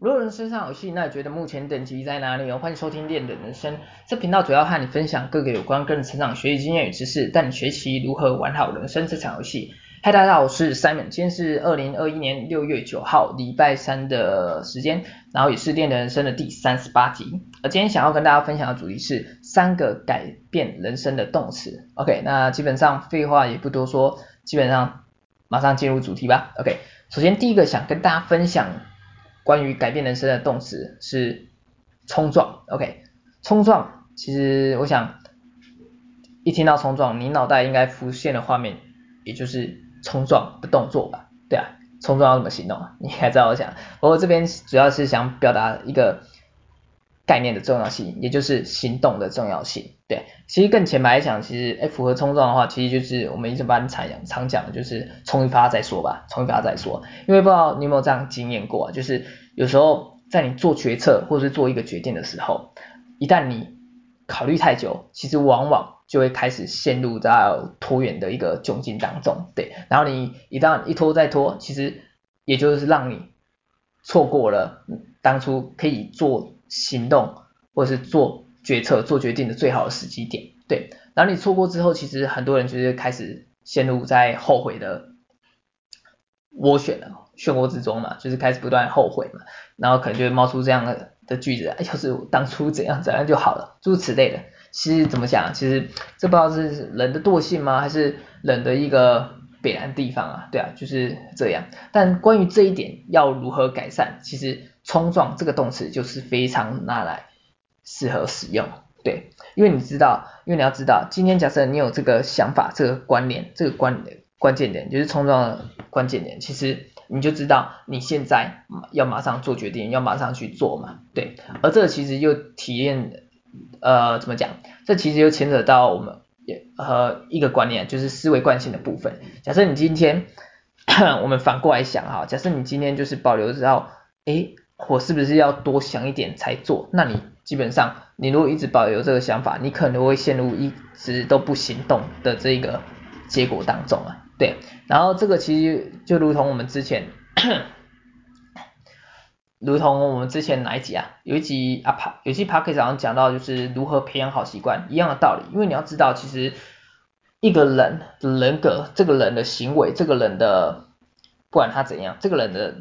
如果人生這場遊戲，那你覺得目前等級在哪裡哦？歡迎收聽《練的人生》這頻道，主要和你分享各個有關個人成長學、學習經驗與知識，帶你學習如何玩好人生這場遊戲。嗨，大家好，我是 Simon，今天是二零二一年六月九號禮拜三的時間，然後也是《練的人生》的第三十八集。而今天想要跟大家分享的主題是三個改變人生的動詞。OK，那基本上廢話也不多說，基本上馬上進入主題吧。OK，首先第一個想跟大家分享。關於改變人生的動詞是衝撞，OK，衝撞其實我想，一聽到衝撞，你腦袋應該浮現的畫面也就是衝撞的動作吧？對啊，衝撞要怎麼行動啊？你還知道我想，我這邊主要是想表達一個。概念的重要性，也就是行動的重要性。對，其實更淺白來講，其實誒符合衝撞的話，其實就是我們一直常講，常講的就是衝一發再說吧，衝一發再說。因為不知道你有沒有這樣經驗過，啊，就是有時候在你做決策或者是做一個決定的時候，一旦你考慮太久，其實往往就會開始陷入到拖延的一個窘境當中。對，然後你一旦一拖再拖，其實也就是讓你錯過了當初可以做。行動或者是做決策、做決定的最好的時機點，對。然後你錯過之後，其實很多人就是開始陷入在後悔的渦旋漩渦之中嘛，就是開始不斷後悔嘛，然後可能就會冒出這樣的的句子：“哎呦，要是當初怎樣怎樣、啊、就好了”，諸如此類的。其實怎麼講，其實這不知道是人的惰性嗎，還是人的一個必然地方啊？對啊，就是這樣。但關於這一點要如何改善，其實。衝撞這個動詞就是非常拿來適合使用，對，因為你知道，因為你要知道，今天假設你有這個想法、這個觀念、這個觀點關鍵點，就是衝撞的關鍵點，其實你就知道你現在要馬上做決定，要馬上去做嘛，對。而這個其實又體驗，呃，怎麼講？這其實又牽扯到我們也和一個觀念，就是思維慣性的部分。假設你今天，我們反過來想哈，假設你今天就是保留到，哎。我是不是要多想一點才做？那你基本上，你如果一直保留這個想法，你可能會陷入一直都不行動的這個結果當中啊。對，然後這個其實就如同我們之前，如同我們之前哪一集啊？有一集啊，有一集 podcast 上講到就是如何培養好習慣一樣的道理。因為你要知道，其實一個人的人格、這個人的行為、這個人的不管他怎樣，這個人的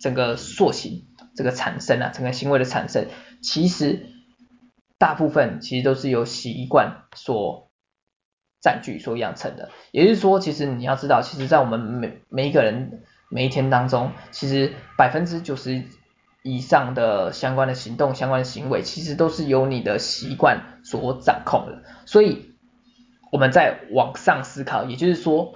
整個塑形。這個產生啊，整個行為的產生，其實大部分其實都是由習慣所佔據、所養成的。也就是說，其實你要知道，其實，在我們每每一個人、每一天當中，其實百分之九十以上的相關的行動、相關的行為，其實都是由你的習慣所掌控的。所以，我們再往上思考，也就是說，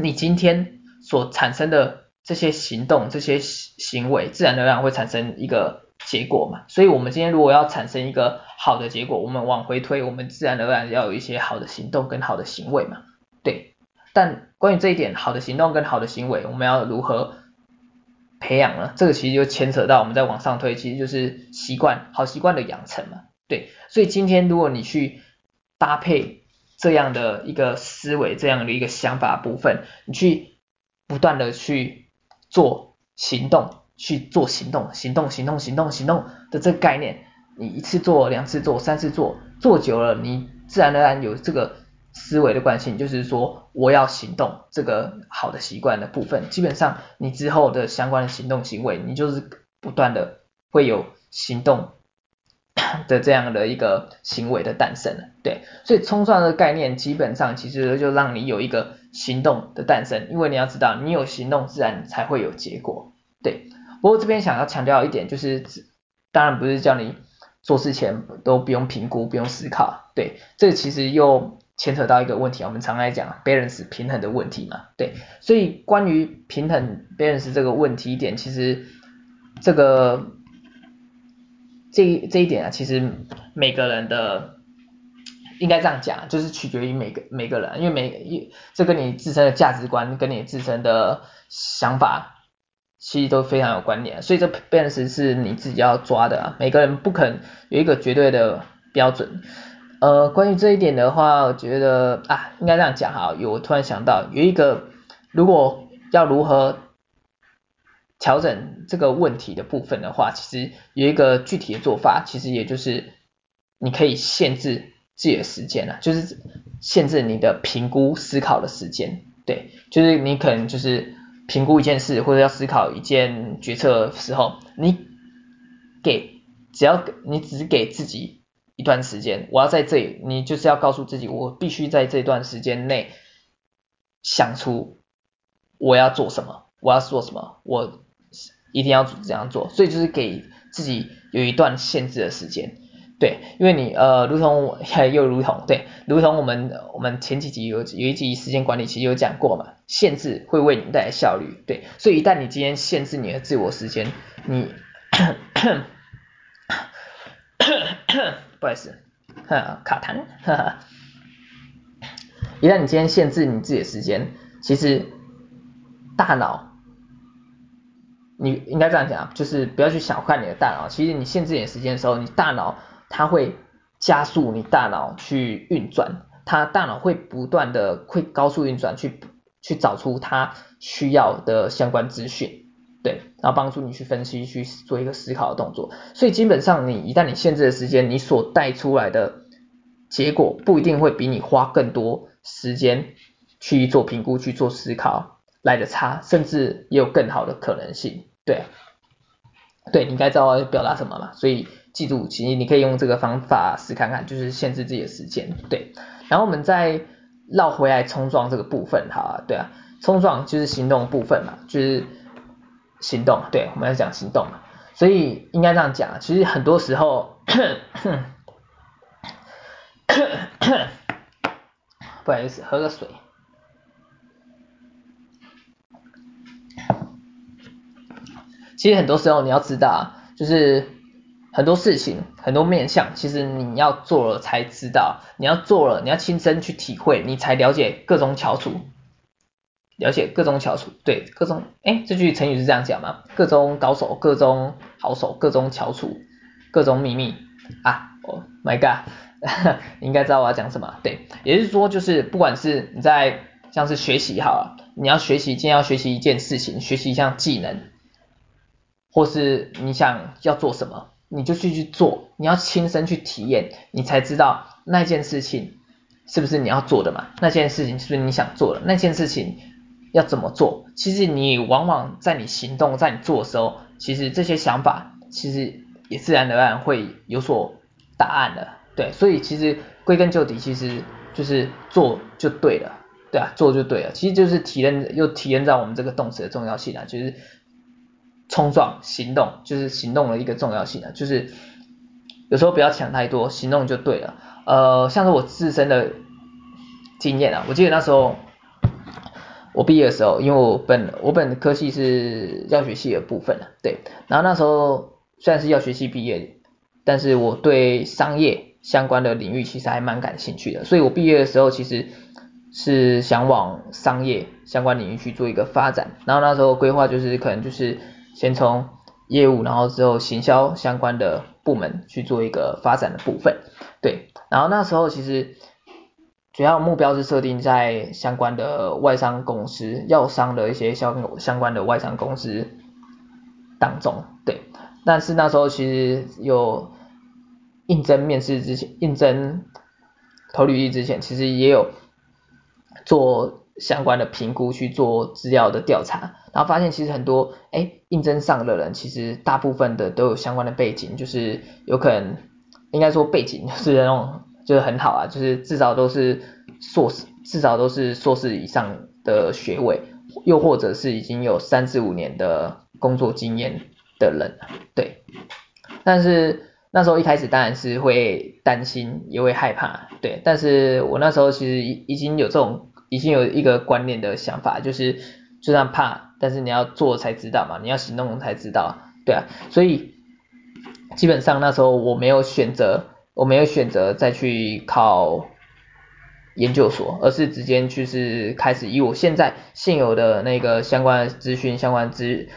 你今天所產生的。這些行動、這些行為，自然而然會產生一個結果嘛。所以，我們今天如果要產生一個好的結果，我們往回推，我們自然而然要有一些好的行動跟好的行為嘛。對。但關於這一點，好的行動跟好的行為，我們要如何培養呢？這個其實就牽扯到我們再往上推，其實就是習慣、好習慣的養成嘛。對。所以，今天如果你去搭配這樣的一個思維、這樣的一個想法部分，你去不斷的去。做行動，去做行動，行動，行動，行動，行動的這個概念，你一次做，兩次做，三次做，做久了，你自然而然有這個思維的慣性，就是說我要行動這個好的習慣的部分，基本上你之後的相關的行動行為，你就是不斷的會有行動的這樣的一個行為的誕生了。對，所以衝撞的概念，基本上其實就讓你有一個。行動的誕生，因為你要知道，你有行動，自然才會有結果。對，不過這邊想要強調一點，就是當然不是叫你做事前都不用評估、不用思考。對，這其實又牽扯到一個問題，我們常來講啊，balance 平衡的問題嘛。對，所以關於平衡 balance 這個問題點，其實這個這這一點啊，其實每個人的。應該這樣講，就是取決於每個每個人，因為每一這跟你自身的價值觀，跟你自身的想法，其實都非常有關聯，所以這 balance 是你自己要抓的啊。每個人不可能有一個絕對的標準，呃，關於這一點的話，我覺得啊，應該這樣講哈，有我突然想到有一個，如果要如何調整這個問題的部分的話，其實有一個具體的做法，其實也就是你可以限制自己的時間了啊，就是限制你的評估思考的時間。對，就是你可能就是評估一件事或者要思考一件決策的時候，你給只要你只給自己一段時間，我要在這裡，你就是要告訴自己，我必須在這段時間內想出我要做什麼，我要做什麼，我一定要怎樣做。所以就是給自己有一段限制的時間。對，因為你呃，如同我又如同對，如同我們我們前幾集有有一集時間管理其實有講過嘛，限制會為你帶來效率。對，所以一旦你今天限制你的自我時間，你，咳咳咳咳咳不好意思，卡痰，一旦你今天限制你自己的時間，其實大腦，你應該這樣講，就是不要去小看你的大腦，其實你限制你的時間的時候，你大腦。它會加速你大腦去運轉，它大腦會不斷的會高速運轉去去找出它需要的相關資訊，對，然後幫助你去分析去做一個思考的動作。所以基本上，你一旦你限制了時間，你所帶出來的結果不一定會比你花更多時間去做評估、去做思考來得差，甚至也有更好的可能性。對，對你該知道要表達什麼了，所以。記住，其實你可以用這個方法試看看，就是限制自己的時間，對。然後我們再繞回來衝撞這個部分好，好對啊，衝撞就是行動部分嘛，就是行動，對，我們要講行動嘛，所以應該這樣講。其實很多時候，不好意思，喝個水。其實很多時候你要知道啊，就是。很多事情很多面向，其實你要做了才知道，你要做了，你要親身去體會，你才了解各種翹楚，了解各種翹楚，對，各種哎，這句成語是這樣講嗎？各種高手，各種好手，各種翹楚，各種祕密啊！Oh my god，呵你應該知道我要講什麼。對，也就是說，就是不管是你在像是學習好了，你要學習，今天要學習一件事情，學習一項技能，或是你想要做什麼。你就去去做，你要親身去體驗，你才知道那件事情是不是你要做的嘛？那件事情是不是你想做的？那件事情要怎麼做？其實你往往在你行動、在你做的時候，其實這些想法其實也自然而然會有所答案的。對，所以其實歸根究底，其實就是做就對了，對啊，做就對了。其實就是體驗，又體驗到我們這個動詞的重要性啊，就是。衝撞行動就是行動的一個重要性啊，就是有時候不要想太多，行動就對了。呃，像是我自身的經驗啊，我記得那時候我畢業的時候，因為我本我本科系是藥學系的部分，啊，對。然後那時候雖然是藥學系畢業，但是我對商業相關的領域其實還蠻感興趣的，所以我畢業的時候其實是想往商業相關領域去做一個發展。然後那時候規劃就是可能就是。先從業務，然後之後行銷相關的部門去做一個發展的部分，對，然後那時候其實主要目標是設定在相關的外商公司、藥商的一些相相關的外商公司當中，對，但是那時候其實有應徵面試之前，應徵投履歷之前，其實也有做。相關的評估去做資料的調查，然後發現其實很多誒、欸、應徵上的人其實大部分的都有相關的背景，就是有可能應該說背景就是那種就是很好啊，就是至少都是碩士至少都是碩士以上的學位，又或者是已經有三至五年的工作經驗的人，對。但是那時候一開始當然是會擔心也會害怕，對。但是我那時候其實已經有這種。已經有一個觀念的想法，就是就算怕，但是你要做才知道嘛，你要行動才知道，對啊，所以基本上那時候我沒有選擇，我沒有選擇再去考研究所，而是直接就是開始以我現在現有的那個相關的資訊、相關資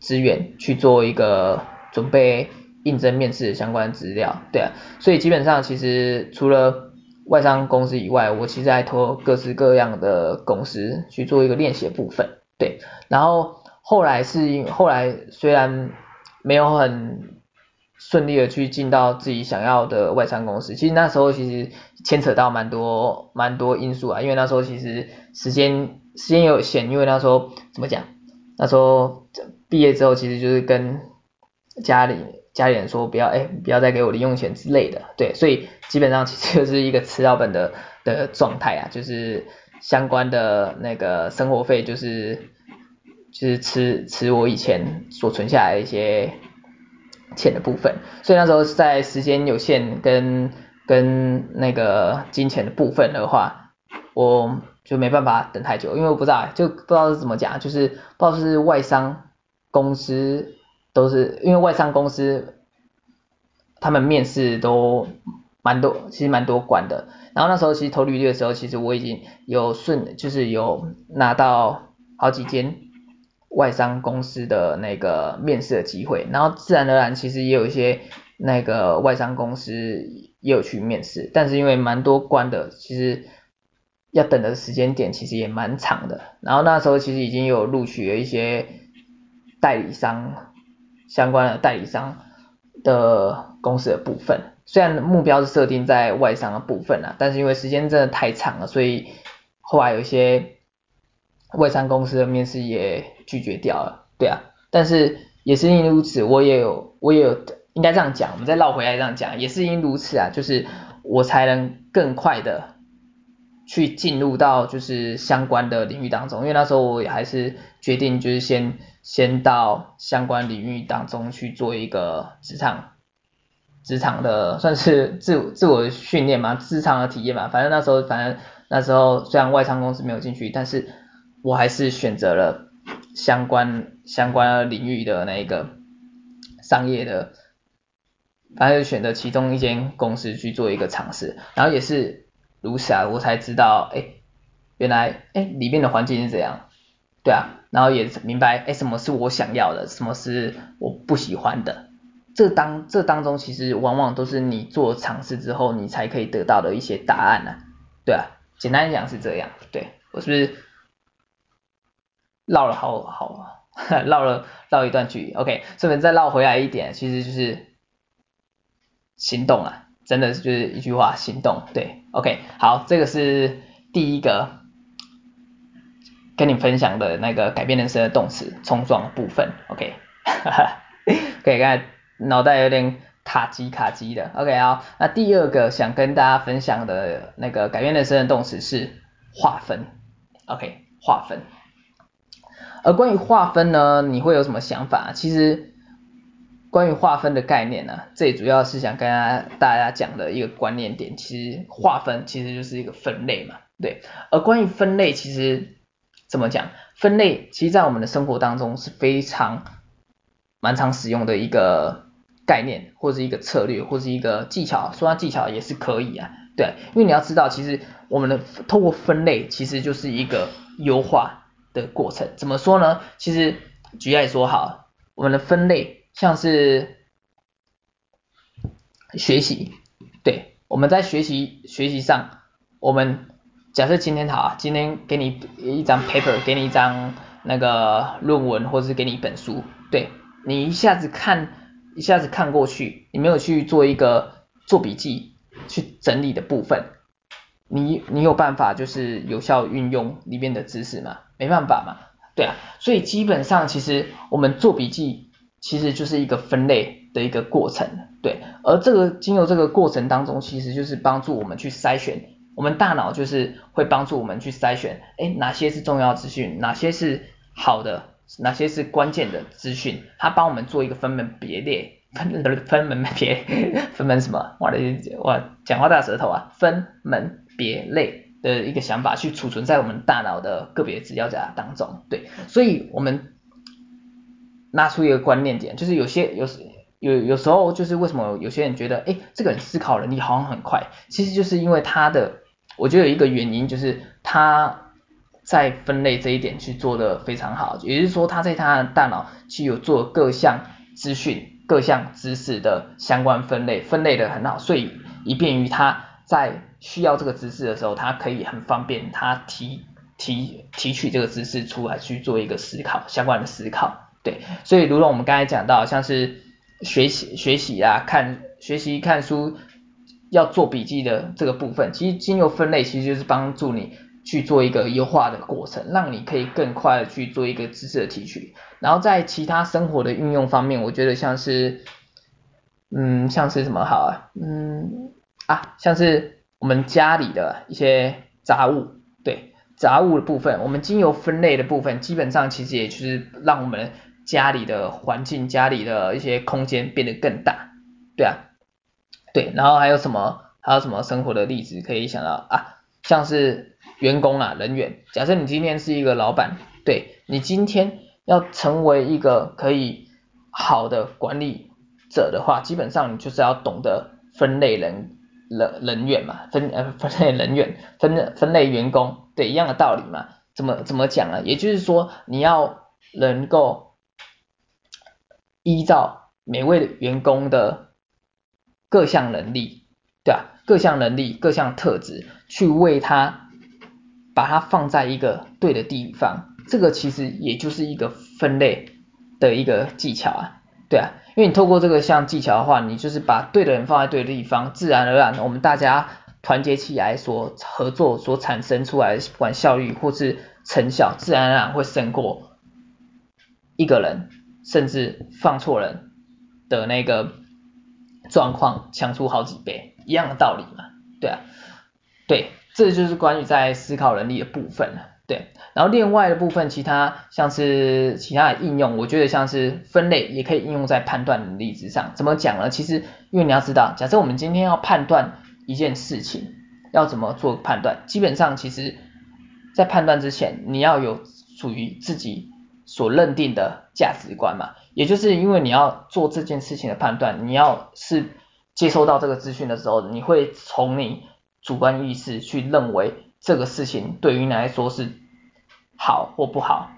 資源去做一個準備、應徵面試相關的資料，對啊，所以基本上其實除了外商公司以外，我其實還投各式各樣的公司去做一個練習部分，對。然後後來是，因後來雖然沒有很順利的去進到自己想要的外商公司，其實那時候其實牽扯到蠻多蠻多因素啊，因為那時候其實時間時間有限，因為那時候怎麼講？那時候畢業之後其實就是跟家裡家裡人說不要，哎，不要再給我零用錢之類的，對，所以。基本上其實就是一個吃老本的的狀態啊，就是相關的那個生活費就是就是吃吃我以前所存下來的一些錢的部分，所以那時候在時間有限跟跟那個金錢的部分的話，我就沒辦法等太久，因為我不知道就不知道是怎麼講，就是不知道是不是外商公司都是因為外商公司他們面試都。蠻多，其實蠻多關的。然後那時候其實投履歷的時候，其實我已經有順，就是有拿到好幾間外商公司的那個面試的機會。然後自然而然，其實也有一些那個外商公司也有去面試，但是因為蠻多關的，其實要等的時間點其實也蠻長的。然後那時候其實已經有錄取了一些代理商，相關的代理商的公司的部分。雖然目標是設定在外商的部分啊，但是因為時間真的太長了，所以後來有一些外商公司的面試也拒絕掉了。對啊，但是也是因如此，我也有，我也有，應該這樣講，我們再繞回來這樣講，也是因如此啊，就是我才能更快的去進入到就是相關的領域當中。因為那時候我也還是決定就是先先到相關領域當中去做一個職場。職場的算是自自我訓練嘛，職場的體驗嘛。反正那時候，反正那時候雖然外商公司沒有進去，但是我還是選擇了相關相關領域的那一個商業的，反正就選擇其中一間公司去做一個嘗試。然後也是如此，啊，我才知道，欸，原來欸，裡面的環境是怎樣，對啊。然後也明白，欸，什麼是我想要的，什麼是我不喜歡的。這當這當中其實往往都是你做嘗試之後，你才可以得到的一些答案呢，啊，對啊，簡單講是這樣，對，我是不是繞了好好，繞了繞一段距離，OK，順便再繞回來一點，其實就是行動啊，真的就是一句話，行動，對，OK，好，這個是第一個跟你分享的那個改變人生的動詞衝撞的部分，OK， 可以腦袋有點基卡機卡機的，OK 啊，那第二個想跟大家分享的那個改變人生的動詞是劃分，OK，劃分。而關於劃分呢，你會有什麼想法？其實關於劃分的概念呢、啊，最主要是想跟大家講的一個觀念點，其實劃分其實就是一個分類嘛，對。而關於分類，其實怎麼講，分類其實在我們的生活當中是非常蠻常使用的一個。概念，或是一個策略，或是一個技巧，說它技巧也是可以啊。對，因為你要知道，其實我們的透過分類，其實就是一個優化的過程。怎麼說呢？其實舉例來說好，我們的分類像是學習。對，我們在學習學習上，我們假設今天好啊，今天給你一張 paper，給你一張那個論文，或者是給你一本書，對，你一下子看。一下子看過去，你沒有去做一個做筆記、去整理的部分，你你有辦法就是有效運用裡面的知識嗎？沒辦法嘛，對啊，所以基本上其實我們做筆記其實就是一個分類的一個過程，對，而這個經由這個過程當中，其實就是幫助我們去篩選，我們大腦就是會幫助我們去篩選，哎，哪些是重要資訊，哪些是好的。哪些是關鍵的資訊？他幫我們做一個分門別類，分，分門別，分門什麼？我講話大舌頭啊！分門別類的一個想法去儲存在我們大腦的個別資料夾當中。對，所以我們拿出一個觀念點，就是有些有時有有時候就是為什麼有些人覺得，誒，這個人思考能力好像很快，其實就是因為他的，我覺得有一個原因就是他。在分類這一點去做的非常好，也就是說他在他的大腦去有做各項資訊、各項知識的相關分類，分類的很好，所以以便於他在需要這個知識的時候，他可以很方便，他提提提取這個知識出來去做一個思考相關的思考。對，所以如果我們剛才講到，像是學習學習啊，看學習看書要做筆記的這個部分，其實經由分類其實就是幫助你。去做一個優化的過程，讓你可以更快的去做一個知識的提取。然後在其他生活的運用方面，我覺得像是，嗯，像是什麼好啊，嗯，啊，像是我們家裡的一些雜物，對，雜物的部分，我們經由分類的部分，基本上其實也就是讓我們家裡的環境、家裡的一些空間變得更大，對啊，對，然後還有什麼，還有什麼生活的例子可以想到啊？像是員工啊、人員，假設你今天是一個老闆，對，你今天要成為一個可以好的管理者的話，基本上你就是要懂得分類人人人員嘛，分呃分類人員分分類員工，對，一樣的道理嘛，怎麼怎麼講呢？啊，也就是說你要能夠依照每位員工的各項能力。對啊，各項能力、各項特質，去為他，把他放在一個對的地方，這個其實也就是一個分類的一個技巧啊。對啊，因為你透過這個項技巧的話，你就是把對的人放在對的地方，自然而然我們大家團結起來所合作所產生出來的，不管效率或是成效，自然而然會勝過一個人，甚至放錯人的那個狀況強出好幾倍。一樣的道理嘛，對啊，對，這就是關於在思考能力的部分了，對，然後另外的部分，其他像是其他的應用，我覺得像是分類也可以應用在判斷能力之上。怎麼講呢？其實因為你要知道，假設我們今天要判斷一件事情，要怎麼做判斷？基本上其實在判斷之前，你要有屬於自己所認定的價值觀嘛，也就是因為你要做這件事情的判斷，你要是。接收到這個資訊的時候，你會從你主觀意識去認為這個事情對於你來說是好或不好，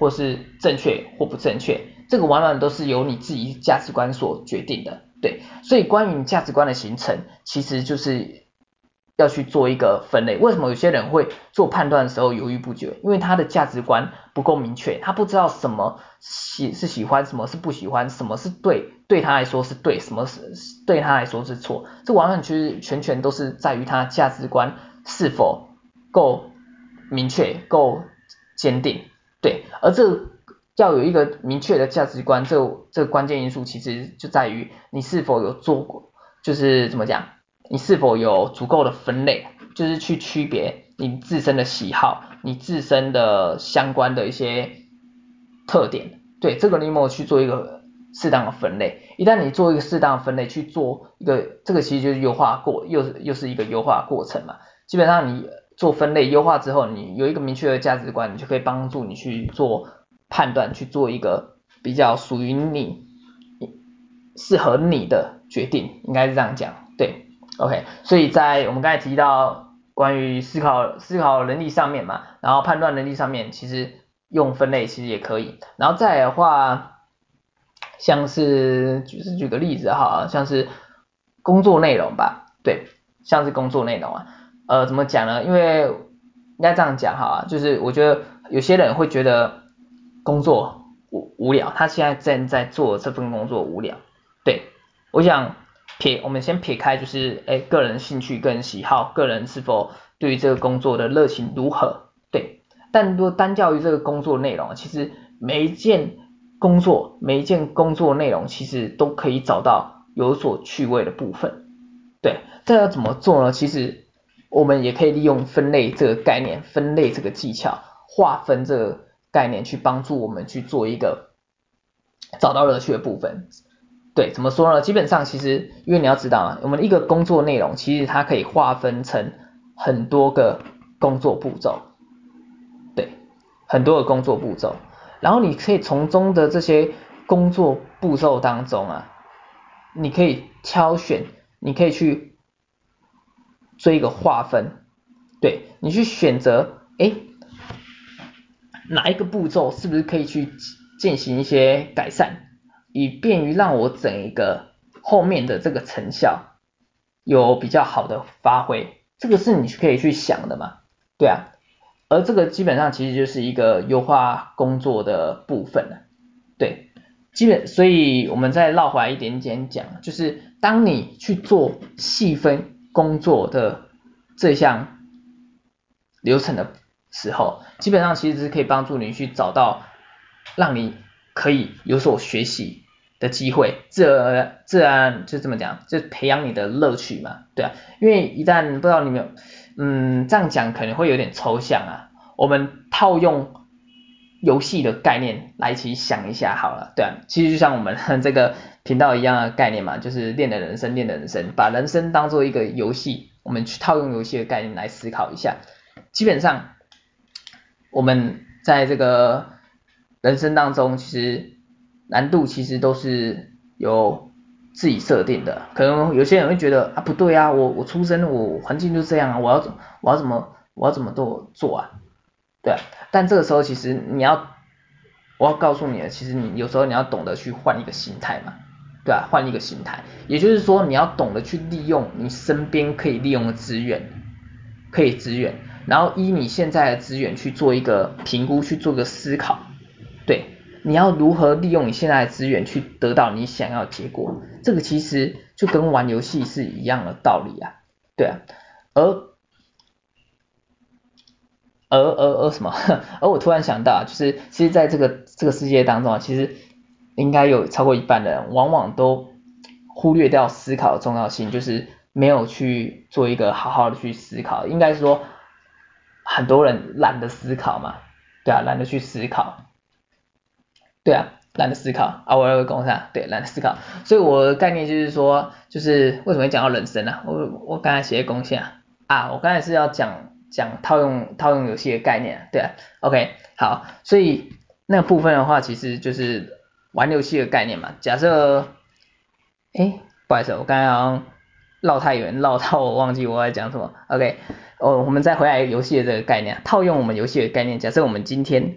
或是正確或不正確，這個完全都是由你自己價值觀所決定的。對，所以關於你價值觀的形成，其實就是。要去做一個分類，為什麼有些人會做判斷的時候猶豫不決？因為他的價值觀不夠明確，他不知道什麼喜是喜歡，什麼是不喜歡，什麼是對，對他來說是對，什麼是對他來說是錯。這完全全全都是在於他價值觀是否夠明確、夠堅定，對。而這要有一個明確的價值觀，這這個關鍵因素其實就在於你是否有做過，就是怎麼講？你是否有足夠的分類，就是去區別你自身的喜好，你自身的相關的一些特點，對這個你有沒有去做一個適當的分類。一旦你做一個適當的分類，去做一個這個其實就是優化過，又又是一個優化過程嘛。基本上你做分類優化之後，你有一個明確的價值觀，你就可以幫助你去做判斷，去做一個比較屬於你適合你的決定，應該是這樣講。OK，所以在我們剛才提到關於思考思考能力上面嘛，然後判斷能力上面，其實用分類其實也可以。然後再的話，像是舉是舉個例子哈，像是工作內容吧，對，像是工作內容啊，呃，怎麼講呢？因為應該這樣講哈，就是我覺得有些人會覺得工作無無聊，他現在正在做這份工作無聊，對，我想。撇，我們先撇開，就是哎、欸，個人興趣、個人喜好、個人是否對於這個工作的熱情如何？對，但如果單較於這個工作內容，其實每一件工作、每一件工作內容，其實都可以找到有所趣味的部分。對，這要怎麼做呢？其實我們也可以利用分類這個概念、分類這個技巧、劃分這個概念去幫助我們去做一個找到樂趣的部分。對，怎麼說呢？基本上其實，因為你要知道啊，我們一個工作內容其實它可以劃分成很多個工作步驟，對，很多個工作步驟。然後你可以從中的這些工作步驟當中啊，你可以挑選，你可以去做一個劃分，對，你去選擇，哎，哪一個步驟是不是可以去進行一些改善？以便於讓我整一個後面的這個成效有比較好的發揮，這個是你可以去想的嘛。對啊，而這個基本上其實就是一個優化工作的部分了。對，基本，所以我們再繞回來一點點講，就是當你去做細分工作的這項流程的時候，基本上其實是可以幫助你去找到讓你。可以有所學習的機會，這自然就這麼講，就培養你的樂趣嘛，對啊，因為一旦不知道你們，嗯，這樣講可能會有點抽象啊，我們套用遊戲的概念來一起想一下好了，對啊，其實就像我們這個頻道一樣的概念嘛，就是練的人生，練的人生，把人生當做一個遊戲，我們去套用遊戲的概念來思考一下，基本上我們在這個。人生當中其實難度其實都是由自己設定的，可能有些人會覺得啊，不對啊，我我出生我環境就這樣啊，我要怎麼我要怎麼我要怎麼做做啊，對啊，但這個時候其實你要我要告訴你的，其實你有時候你要懂得去換一個心態嘛，對啊，換一個心態，也就是說你要懂得去利用你身邊可以利用的資源，可以資源，然後依你現在的資源去做一個評估，去做一個思考。對，你要如何利用你現在的資源去得到你想要的結果？這個其實就跟玩遊戲是一樣的道理啊。對啊，而而而而什麼？而我突然想到，就是其實在這個這個世界當中啊，其實應該有超過一半的人，往往都忽略掉思考的重要性，就是沒有去做一個好好的去思考。應該說，很多人懶得思考嘛，對啊，懶得去思考。對啊，懶得思考啊，我要個公式是吧？對，懶得思考，所以我的概念就是說，就是為什麼會講到人生呢、啊？我我剛才寫的公式啊，啊，我剛才是要講講套用套用遊戲的概念、啊，對啊，OK，好，所以那個部分的話，其實就是玩遊戲的概念嘛。假設，誒不好意思，我剛剛繞太遠，繞到我忘記我在講什麼。OK，我我們再回來遊戲的這個概念、啊，套用我們遊戲的概念。假設我們今天。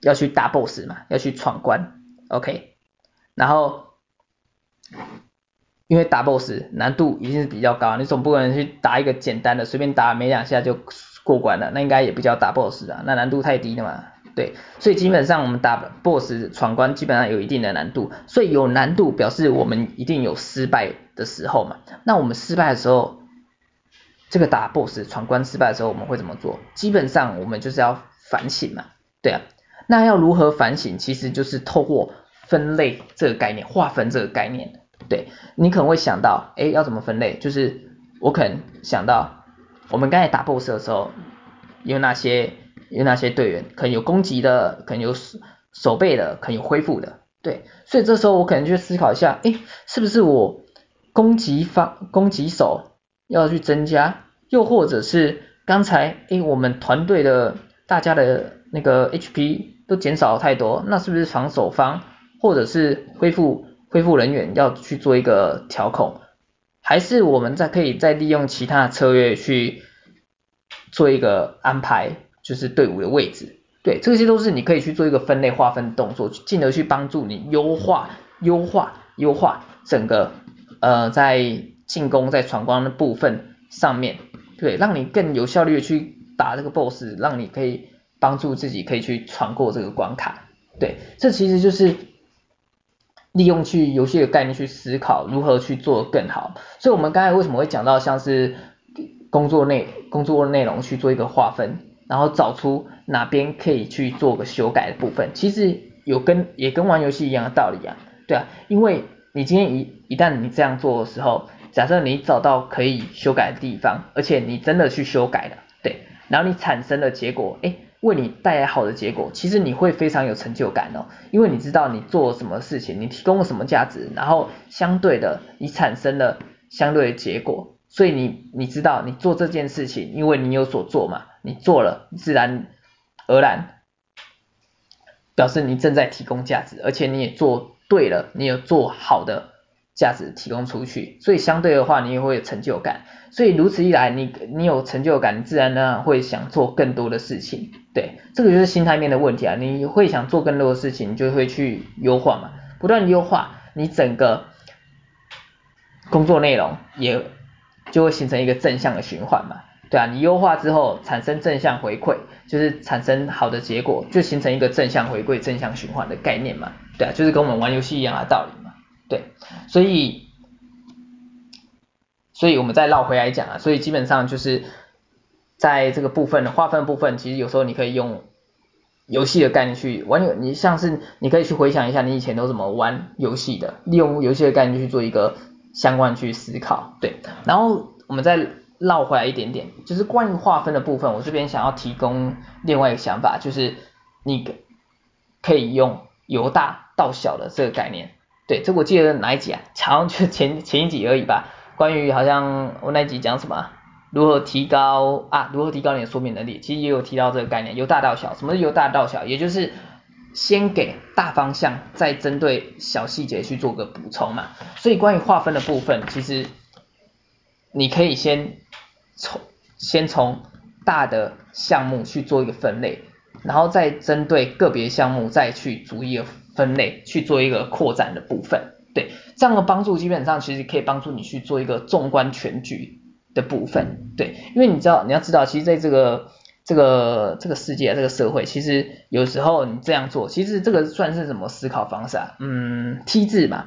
要去打 boss 嘛，要去闖關，OK，然後因為打 boss 難度一定是比較高啊，你總不可能去打一個簡單的，隨便打沒兩下就過關了，那應該也不叫打 boss 啊，那難度太低了嘛，對，所以基本上我們打 boss 闖關基本上有一定的難度，所以有難度表示我們一定有失敗的時候嘛，那我們失敗的時候，這個打 boss 闖關失敗的時候我們會怎麼做？基本上我們就是要反省嘛，對啊。那要如何反省？其實就是透過分類這個概念，劃分這個概念。對你可能會想到，哎，要怎麼分類？就是我可能想到，我們剛才打 BOSS 的時候，有哪些有哪些隊員，可能有攻擊的，可能有守，守備的，可能有恢復的。對，所以這時候我可能就思考一下，哎，是不是我攻擊方攻擊手要去增加？又或者是剛才哎，我們團隊的大家的那個 HP？都減少了太多，那是不是防守方或者是恢復恢復人員要去做一個調控，還是我們在可以再利用其他策略去做一個安排，就是隊伍的位置，對，這些都是你可以去做一個分類劃分的動作，進而去幫助你優化優化優化整個呃在進攻在闖關的部分上面，對，讓你更有效率的去打這個 boss，讓你可以。幫助自己可以去闖過這個關卡，對，這其實就是利用去遊戲的概念去思考如何去做更好。所以，我們剛才為什麼會講到像是工作內工作內容去做一個劃分，然後找出哪邊可以去做個修改的部分？其實有跟也跟玩遊戲一樣的道理啊，對啊，因為你今天一一旦你這樣做的時候，假設你找到可以修改的地方，而且你真的去修改了，對，然後你產生的結果，誒為你帶來好的結果，其實你會非常有成就感哦，因為你知道你做什麼事情，你提供了什麼價值，然後相對的，你產生了相對的結果，所以你你知道你做這件事情，因為你有所做嘛，你做了自然而然，表示你正在提供價值，而且你也做對了，你有做好的。價值提供出去，所以相對的話，你也會有成就感。所以如此一來，你你有成就感，自然呢會想做更多的事情，對。這個就是心態面的問題啊，你會想做更多的事情，你就會去優化嘛，不斷優化你整個工作內容，也就會形成一個正向的循環嘛，對啊，你優化之後產生正向回饋，就是產生好的結果，就形成一個正向回饋、正向循環的概念嘛，對啊，就是跟我們玩遊戲一樣的道理。對，所以，所以我們再繞回來講啊，所以基本上就是在這個部分的劃分的部分，其實有時候你可以用遊戲的概念去玩遊，你像是你可以去回想一下你以前都怎麼玩遊戲的，利用遊戲的概念去做一個相關去思考，對，然後我們再繞回來一點點，就是關於劃分的部分，我這邊想要提供另外一個想法，就是你可以用由大到小的這個概念。對，這我記得哪一集啊？好像就前前一集而已吧。關於好像我那一集講什麼？如何提高啊？如何提高你的說明能力？其實也有提到這個概念，由大到小。什麼是由大到小？也就是先給大方向，再針對小細節去做個補充嘛。所以關於劃分的部分，其實你可以先從先從大的項目去做一個分類，然後再針對個別項目再去逐一的。分類去做一個擴展的部分，對這樣的幫助基本上其實可以幫助你去做一個縱觀全局的部分，對，因為你知道你要知道其實在這個這個這個世界、啊、這個社會，其實有時候你這樣做，其實這個算是什麼思考方式啊？嗯，T 字嘛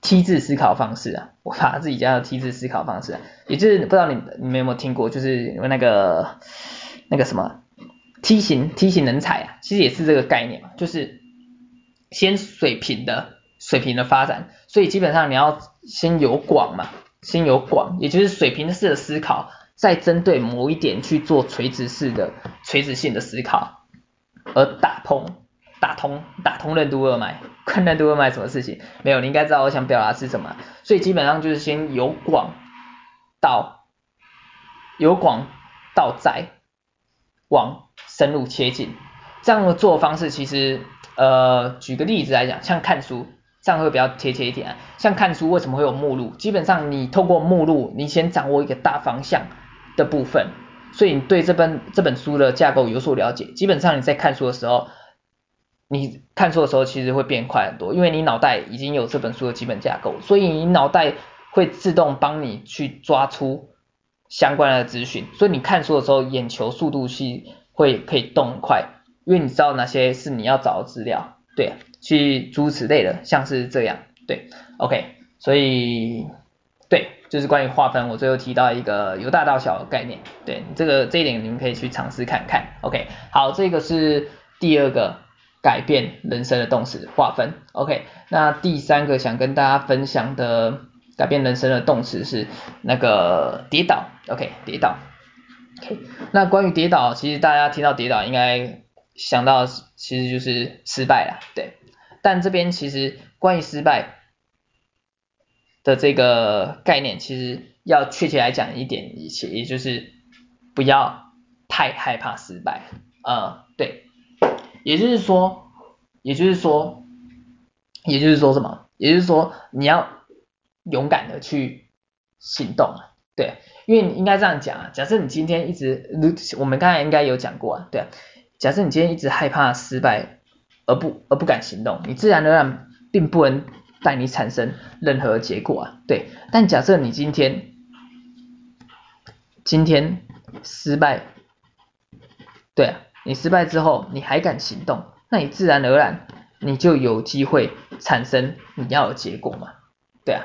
，T 字思考方式啊，我把它自己叫 T 字思考方式、啊，也就是不知道你你們有沒有聽過，就是那個那個什麼 T 型 T 型人才啊，其實也是這個概念就是。先水平的水平的發展，所以基本上你要先有廣嘛，先有廣，也就是水平式的思考，再針對某一點去做垂直式的垂直性的思考，而打通打通打通任督二脈，困任督二脈什麼事情？沒有，你應該知道我想表達是什麼。所以基本上就是先有廣到有廣到窄，往深入切進，這樣的做方式其實。呃，舉個例子來講，像看書，這樣會比較貼切一點。像看書，為什麼會有目錄？基本上你透過目錄，你先掌握一個大方向的部分，所以你對這本這本書的架構有所了解。基本上你在看書的時候，你看書的時候其實會變快很多，因為你腦袋已經有這本書的基本架構，所以你腦袋會自動幫你去抓出相關的資訊，所以你看書的時候眼球速度是會可以動快。因為你知道哪些是你要找的資料，對，去諸如此類的，像是這樣，對，OK，所以，對，就是關於劃分，我最後提到一個由大到小的概念，對，這個這一點你們可以去嘗試看看，OK，好，這個是第二個改變人生的動詞劃分，OK，那第三個想跟大家分享的改變人生的動詞是那個跌倒，OK，跌倒，OK，那關於跌倒，其實大家聽到跌倒應該想到其實就是失敗了，對。但這邊其實關於失敗的這個概念，其實要確切來講一點，一切也就是不要太害怕失敗，呃，對。也就是說，也就是說，也就是說什麼？也就是說你要勇敢的去行動，對。因為你應該這樣講啊，假設你今天一直，我們剛才應該有講過啊，對。假設你今天一直害怕失敗，而不而不敢行動，你自然而然並不能帶你產生任何的結果啊。對，但假設你今天今天失敗，對啊，你失敗之後你還敢行動，那你自然而然你就有機會產生你要的結果嘛？對啊，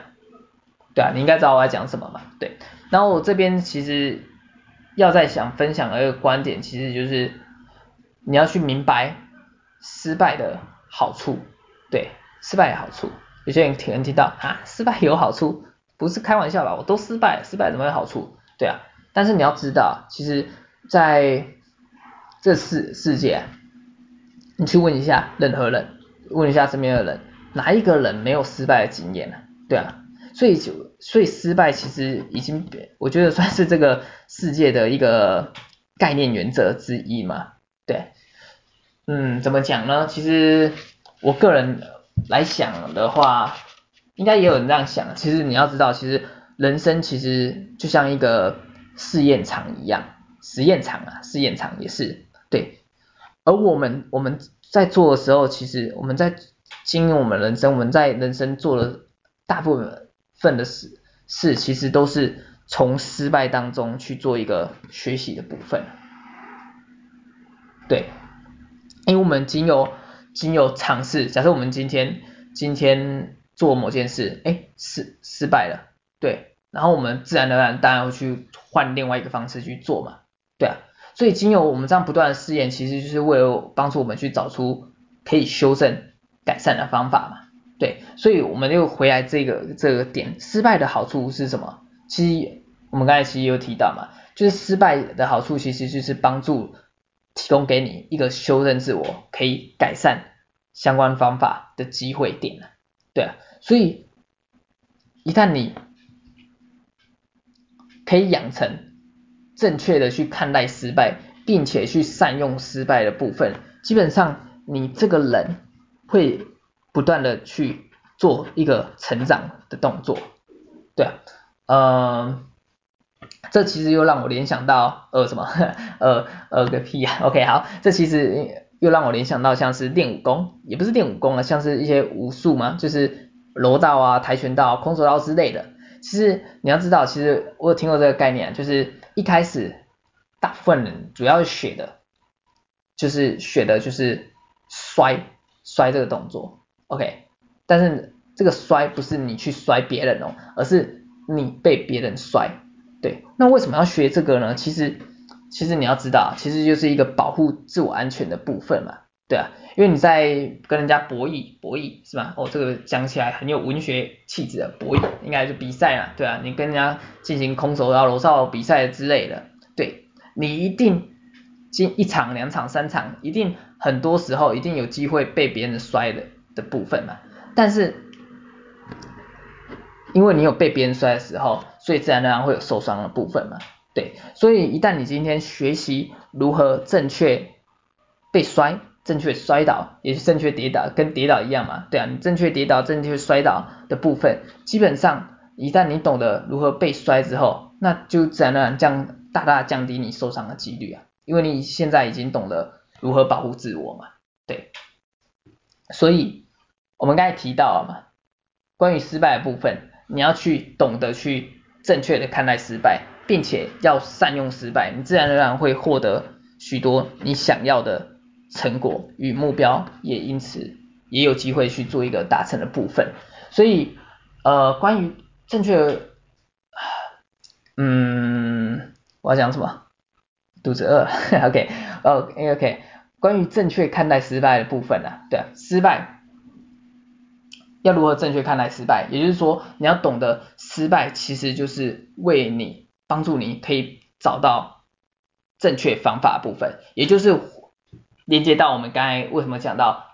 對啊，你應該知道我要講什麼嘛？對，然後我這邊其實要再想分享的一個觀點，其實就是。你要去明白失敗的好處，對，失敗的好處。有些人可能聽到啊，失敗有好處？不是開玩笑吧？我都失敗，失敗怎麼有好處？對啊，但是你要知道，其實在這世世界啊，你去問一下任何人，問一下身邊的人，哪一個人沒有失敗的經驗呢啊？對啊，所以就所以失敗其實已經我覺得算是這個世界的一個概念原則之一嘛，對啊。嗯，怎麼講呢？其實我個人來想的話，應該也有人這樣想。其實你要知道，其實人生其實就像一個試驗場一樣，實驗場啊，試驗場也是，對。而我們我們在做的時候，其實我們在經營我們人生，我們在人生做的大部分份的事，事其實都是從失敗當中去做一個學習的部分，對。因為我們經由，經由嘗試，假設我們今天今天做某件事，哎，失失敗了，對，然後我們自然而然當然要去換另外一個方式去做嘛，對啊，所以經由我們這樣不斷的試驗，其實就是為了幫助我們去找出可以修正改善的方法嘛，對，所以我們又回來這個這個點，失敗的好處是什麼？其實我們剛才其實有提到嘛，就是失敗的好處其實就是幫助。提供給你一個修正自我、可以改善相關方法的機會點，對啊，所以一旦你可以養成正確的去看待失敗，並且去善用失敗的部分，基本上你這個人會不斷的去做一個成長的動作，對啊，嗯、呃。這其實又讓我聯想到，呃，什麼，呃，呃個屁啊，OK，好，這其實又讓我聯想到像是練武功，也不是練武功啊，像是一些武術嘛，就是柔道啊、跆拳道、空手道之類的。其實你要知道，其實我有聽過這個概念啊，就是一開始大部分人主要學的，就是學的就是摔摔這個動作，OK，但是這個摔不是你去摔別人哦，而是你被別人摔。對，那為什麼要學這個呢？其實，其實你要知道，其實就是一個保護自我安全的部分嘛。對啊，因為你在跟人家博弈，博弈是吧？哦，這個講起來很有文學氣質的博弈，應該是比賽啊。對啊，你跟人家進行空手道、柔道比賽之類的。對，你一定進一場、兩場、三場，一定很多時候一定有機會被別人摔的的部分嘛。但是，因為你有被別人摔的時候。所以自然而然會有受傷的部分嘛，對，所以一旦你今天學習如何正確被摔、正確摔倒，也是正確跌倒，跟跌倒一樣嘛，對啊，你正確跌倒、正確摔倒的部分，基本上一旦你懂得如何被摔之後，那就自然而然降大大降低你受傷的幾率啊，因為你現在已經懂得如何保護自我嘛，對，所以我們剛才提到了嘛，關於失敗的部分，你要去懂得去。正確的看待失敗，並且要善用失敗，你自然而然會獲得許多你想要的成果與目標，也因此也有機會去做一個達成的部分。所以，呃，關於正確的，嗯，我要講什麼？肚子餓，OK，OK，OK。關於正確看待失敗的部分呢、啊？對，失敗要如何正確看待失敗？也就是說，你要懂得。失敗其實就是為你幫助你可以找到正確方法的部分，也就是連接到我們剛才為什麼講到，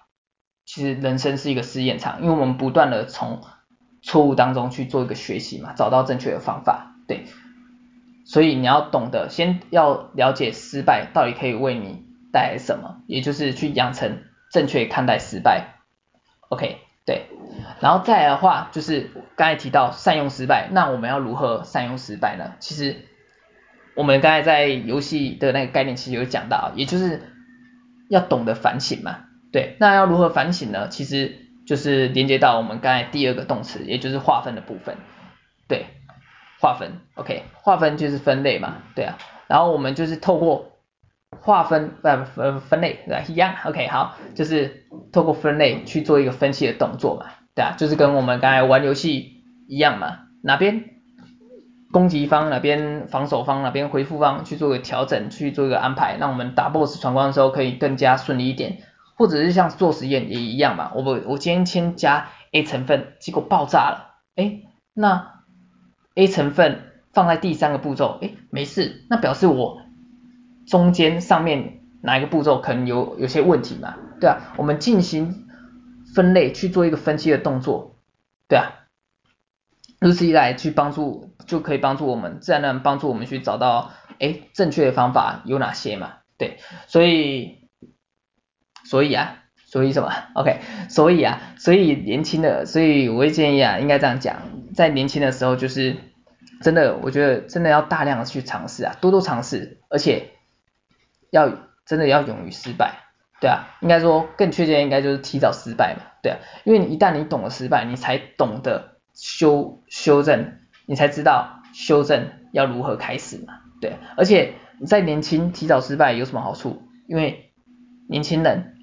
其實人生是一個試驗場，因為我們不斷的從錯誤當中去做一個學習嘛，找到正確的方法。對，所以你要懂得先要了解失敗到底可以為你帶來什麼，也就是去養成正確看待失敗。OK。然後再來的話，就是剛才提到善用失敗，那我們要如何善用失敗呢？其實我們剛才在遊戲的那個概念其實有講到，也就是要懂得反省嘛，對。那要如何反省呢？其實就是連接到我們剛才第二個動詞，也就是劃分的部分，對，劃分，OK，劃分就是分類嘛，對啊。然後我們就是透過劃分，呃，分，分，分類，一樣，啊，OK，好，就是透過分類去做一個分析的動作嘛。對啊，就是跟我們剛才玩遊戲一樣嘛，哪邊攻擊方，哪邊防守方，哪邊回復方去做個調整，去做一個安排，讓我們打 boss 闖關的時候可以更加順利一點，或者是像做實驗也一樣嘛，我我今天先加 A 成分，結果爆炸了，哎，那 A 成分放在第三個步驟，哎，沒事，那表示我中間上面哪一個步驟可能有有些問題嘛，對啊，我們進行。分類去做一個分析的動作，對啊，如此一來去幫助就可以幫助我們，自然而然幫助我們去找到，哎、欸，正確的方法有哪些嘛？對，所以，所以啊，所以什麼？OK，所以啊，所以年輕的，所以我會建議啊，應該這樣講，在年輕的時候就是真的，我覺得真的要大量的去嘗試啊，多多嘗試，而且要真的要勇於失敗。對啊，應該說更確切應該就是提早失敗嘛，對啊，因為你一旦你懂了失敗，你才懂得修修正，你才知道修正要如何開始嘛，對啊，而且你在年輕提早失敗有什麼好處？因為年輕人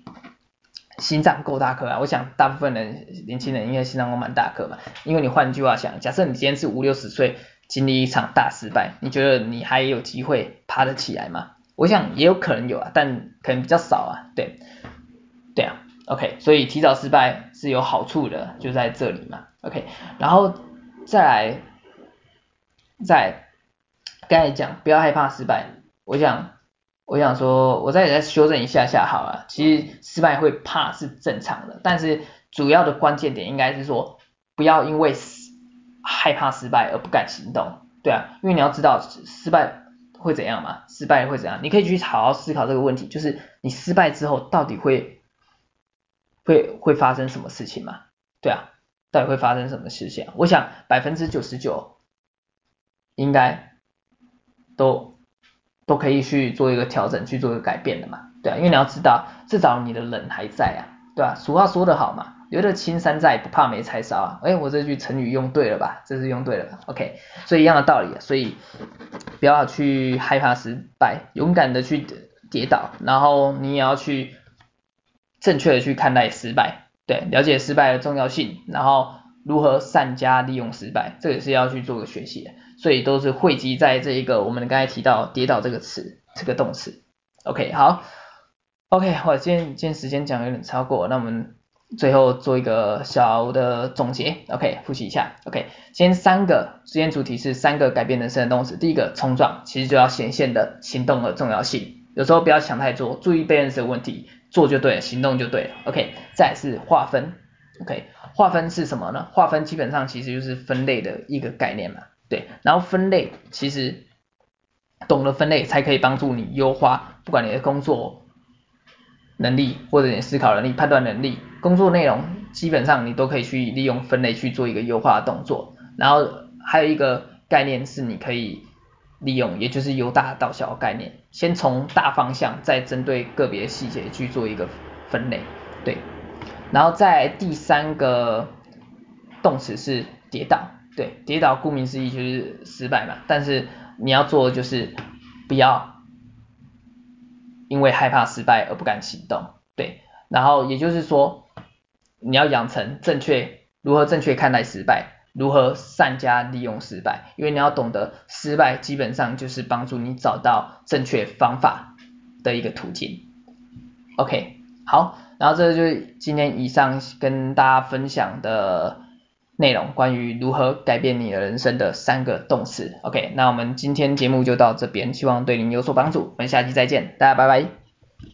心臟夠大顆啊，我想大部分人年輕人應該心臟都蠻大顆嘛，因為你換句話想，假設你今天是五六十歲經歷一場大失敗，你覺得你還有機會爬得起來嗎？我想也有可能有啊，但可能比較少啊。對，對啊。OK，所以提早失敗是有好處的，就在這裡嘛。OK，然後再來再跟你講，不要害怕失敗。我想，我想說，我再再修正一下下好了。其實失敗會怕是正常的，但是主要的關鍵點應該是說，不要因為失害怕失敗而不敢行動。對啊，因為你要知道失敗。會怎樣嘛？失敗會怎樣？你可以去好好思考這個問題，就是你失敗之後到底會會會發生什麼事情嘛？對啊，到底會發生什麼事情？我想百分之九十九應該都都可以去做一個調整，去做一個改變的嘛。對啊，因為你要知道，至少你的人還在啊，對吧，啊？俗話說得好嘛。留得青山在，不怕沒柴燒啊！哎、欸，我這句成語用對了吧？這是用對了吧，OK。所以一樣的道理，所以不要去害怕失敗，勇敢的去跌倒，然後你也要去正確的去看待失敗，對，了解失敗的重要性，然後如何善加利用失敗，這個也是要去做個學習的。所以都是匯集在這一個我們剛才提到跌倒這個詞，這個動詞，OK 好。好，OK，我今天今天時間講有點超過，那我們。最後做一個小的總結，OK，複習一下，OK，先三個，今天主題是三個改變人生的動詞，第一個衝撞，其實就要顯現的行動的重要性，有時候不要想太多，注意別人的問題，做就對了，行動就對了，OK，再來是劃分，OK，劃分是什麼呢？劃分基本上其實就是分類的一個概念嘛，對，然後分類其實懂得分類才可以幫助你優化，不管你的工作。能力、或者你思考能力、判斷能力、工作內容，基本上你都可以去利用分類去做一個優化的動作。然後還有一個概念是你可以利用，也就是由大到小的概念，先從大方向，再針對個別細節去做一個分類。對，然後在第三個動詞是跌倒，對，跌倒顧名思義就是失敗嘛，但是你要做的就是不要。因為害怕失敗而不敢行動，對。然後也就是說，你要養成正確，如何正確看待失敗，如何善加利用失敗，因為你要懂得失敗基本上就是幫助你找到正確方法的一個途徑。OK，好，然後這就是今天以上跟大家分享的。內容關於如何改變你的人生的三個動詞。OK，那我們今天節目就到這邊，希望對您有所幫助。我們下期再見，大家拜拜。